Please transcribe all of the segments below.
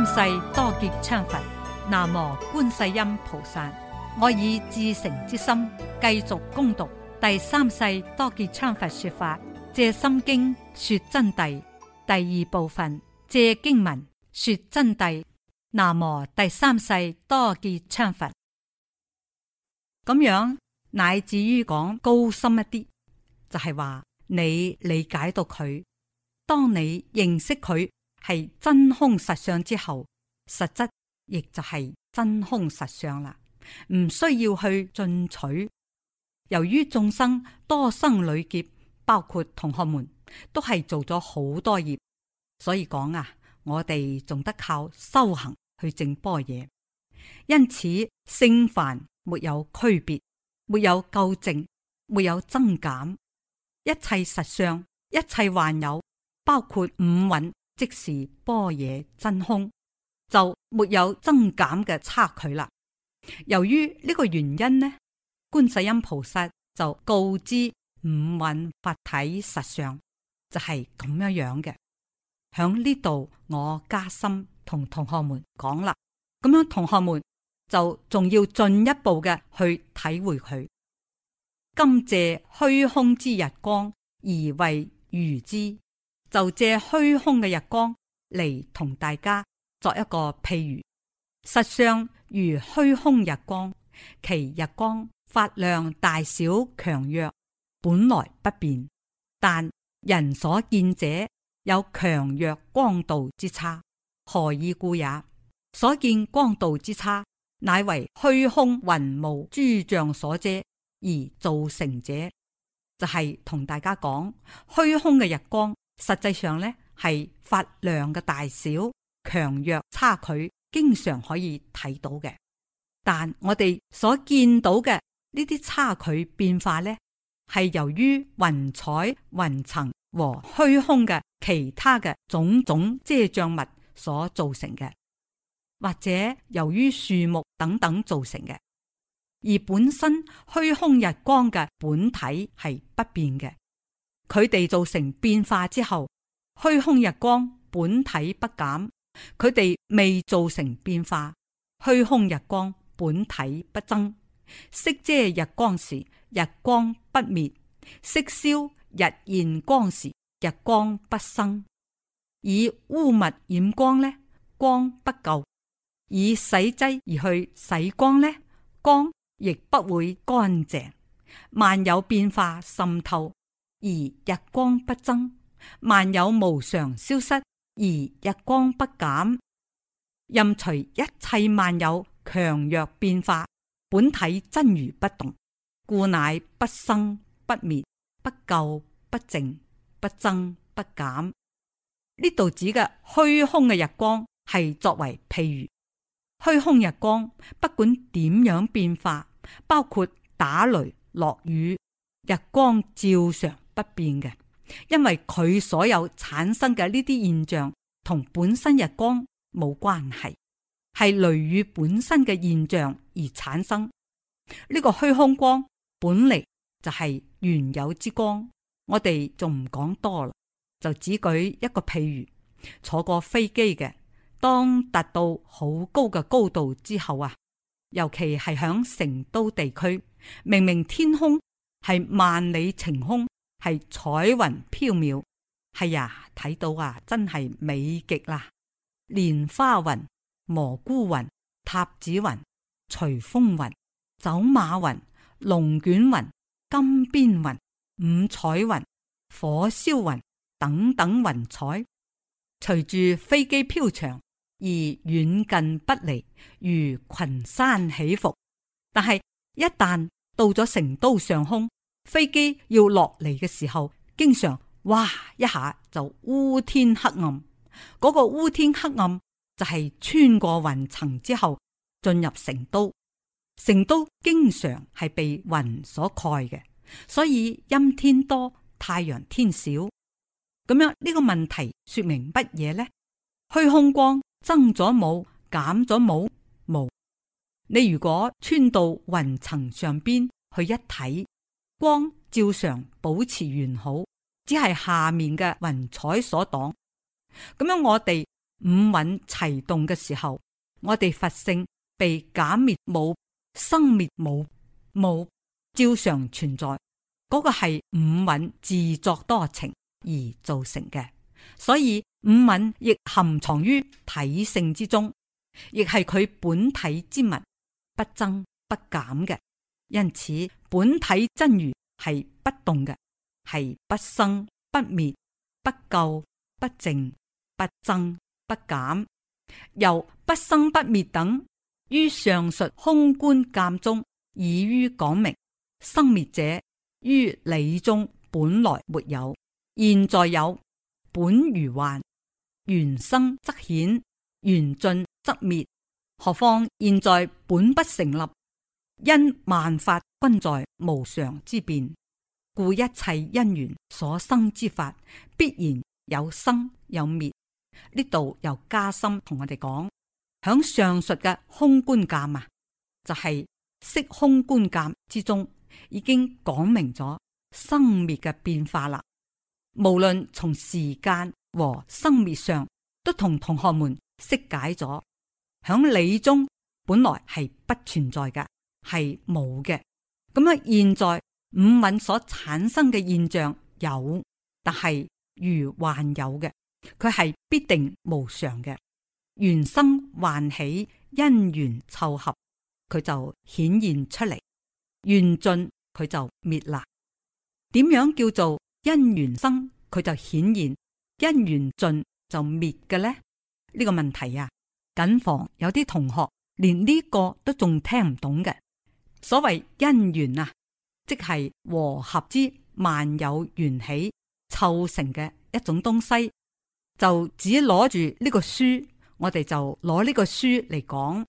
三世多杰羌佛，南無觀世音菩薩。我以至誠之心繼續恭讀第三世多杰羌佛說法，借心經說真諦第二部分，借經文說真諦。南無第三世多杰羌佛。咁樣乃至於講高深一啲，就係話你理解到佢，當你認識佢。係真空實相之後，實質亦就係真空實相啦，唔需要去進取。由於眾生多生累劫，包括同學們都係做咗好多業，所以講啊，我哋仲得靠修行去證般若。因此，聖凡沒有區別，沒有垢淨，沒有增減，一切實相，一切幻有，包括五蘊。即是般若真空，就沒有增減嘅差距啦。由於呢個原因呢，觀世音菩薩就告知五蘊法體實相就係、是、咁樣樣嘅。響呢度我加深同同學們講啦，咁樣同學們就仲要進一步嘅去體會佢。今借虛空之日光而為如之。就借虛空嘅日光嚟同大家作一個譬如實相，如虛空日光，其日光發量大小強弱本來不變，但人所見者有強弱光度之差，何以故也？所見光度之差，乃為虛空雲霧諸障所遮而造成者，就係、是、同大家講虛空嘅日光。實際上咧，係發亮嘅大小、強弱差距，經常可以睇到嘅。但我哋所見到嘅呢啲差距變化咧，係由於雲彩、雲層和虛空嘅其他嘅種種遮障物所造成嘅，或者由於樹木等等造成嘅，而本身虛空日光嘅本體係不變嘅。佢哋造成變化之後，虛空日光本體不減；佢哋未造成變化，虛空日光本體不增。色遮日光時，日光不滅；色消日現光時，日光不生。以污物掩光呢，光不垢；以洗劑而去洗光呢，光亦不會乾淨。萬有變化滲透。而日光不增，萬有無常消失；而日光不減，任隨一切萬有強弱變化，本體真如不動，故乃不生不滅、不垢不淨、不增不減。呢度指嘅虛空嘅日光係作為譬如，虛空日光不管點樣變化，包括打雷、落雨，日光照常。不變嘅，因為佢所有產生嘅呢啲現象同本身日光冇關係，係雷雨本身嘅現象而產生。呢、這個虛空光本嚟就係原有之光，我哋仲唔講多啦，就只舉一個譬如，坐過飛機嘅，當達到好高嘅高度之後啊，尤其係響成都地區，明明天空係萬里晴空。係彩雲飄渺，係呀，睇到啊，真係美極啦！蓮花雲、蘑菇雲、塔子雲、隨風雲、走馬雲、龍捲雲、金邊雲、五彩雲、火燒雲等等雲彩，隨住飛機飄長而遠近不離，如群山起伏。但係，一旦到咗成都上空。飛機要落嚟嘅時候，經常哇一下就烏天黑暗。嗰個烏天黑暗就係穿過雲層之後進入成都。成都經常係被雲所蓋嘅，所以陰天多，太陽天少。咁樣呢個問題說明乜嘢呢？虛空光增咗冇，減咗冇，冇。你如果穿到雲層上邊去一睇。光照常保持完好，只係下面嘅雲彩所擋。咁樣我哋五蘊齊動嘅時候，我哋佛性被減滅冇，生滅冇，冇，照常存在，嗰、這個係五蘊自作多情而造成嘅。所以五蘊亦含藏於體性之中，亦係佢本體之物，不增不減嘅。因此。本體真如係不動嘅，係不生不滅、不垢、不淨、不增不減。由不生不滅等於上述空觀鑑中，以於講明生滅者於理中本來沒有，現在有本如幻，緣生則顯，緣盡則滅。何況現在本不成立。因萬法均在無常之變，故一切因緣所生之法，必然有生有滅。呢度又加深同我哋講，響上述嘅空觀鑒啊，就係、是、色空觀鑒之中，已經講明咗生滅嘅變化啦。無論從時間和生滅上，都同同學們釋解咗。響理中本來係不存在噶。係冇嘅，咁啊，樣，現在五蘊所產生嘅現象有，但係如幻有嘅，佢係必定無常嘅。緣生幻起，因緣湊合，佢就顯現出嚟。緣盡，佢就滅啦。點樣叫做因緣生，佢就顯現；因緣盡就滅嘅咧？呢個問題啊，謹防有啲同學連呢個都仲聽唔懂嘅。所謂因緣啊，即係和合之萬有緣起湊成嘅一種東西。就只攞住呢個書，我哋就攞呢個書嚟講。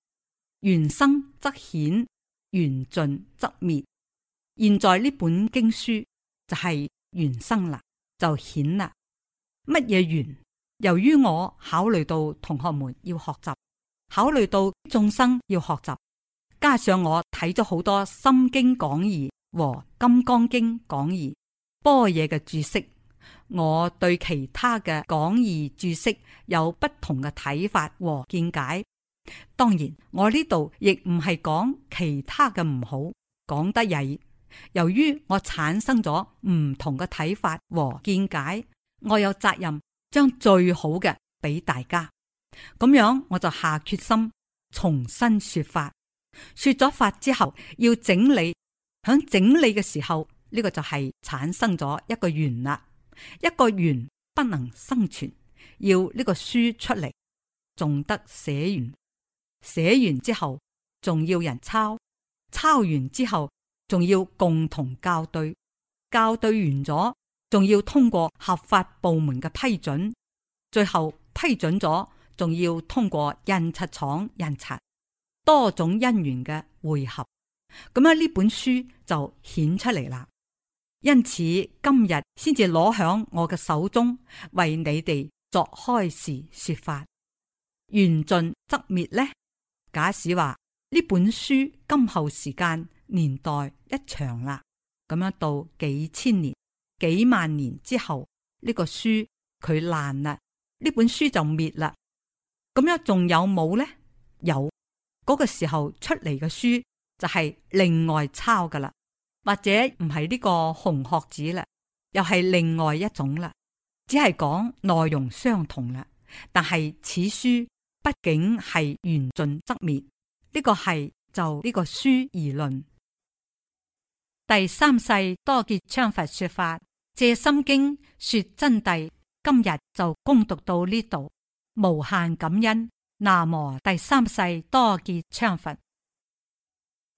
緣生則顯，緣盡則滅。現在呢本經書就係緣生啦，就顯啦。乜嘢緣？由於我考慮到同學們要學習，考慮到眾生要學習。加上我睇咗好多《心經講義》和《金剛經講義》般若嘅註釋，我對其他嘅講義註釋有不同嘅睇法和見解。當然，我呢度亦唔係講其他嘅唔好，講得曳。由於我產生咗唔同嘅睇法和見解，我有責任將最好嘅俾大家。咁樣我就下決心重新說法。說咗法之後，要整理。響整理嘅時候，呢個就係產生咗一個圓啦。一個圓不能生存，要呢個書出嚟，仲得寫完。寫完之後，仲要人抄。抄完之後，仲要共同校對。校對完咗，仲要通過合法部門嘅批准。最後批准咗，仲要通過印刷廠印刷。多種因緣嘅匯合，咁樣呢本書就顯出嚟啦。因此今日先至攞響我嘅手中，為你哋作開示說法。緣盡則滅，滅呢？假使話呢本書今後時間年代一長啦，咁樣到幾千年、幾萬年之後，呢、這個書佢爛啦，呢本書就滅啦。咁樣仲有冇呢？有。嗰個時候出嚟嘅書就係另外抄噶啦，或者唔係呢個紅學紙啦，又係另外一種啦，只係講內容相同啦，但係此書畢竟係緣盡則滅，呢、這個係就呢個書而論。第三世多杰羌佛說法借心經說真諦，今日就恭讀到呢度，無限感恩。南無第三世多杰羌佛。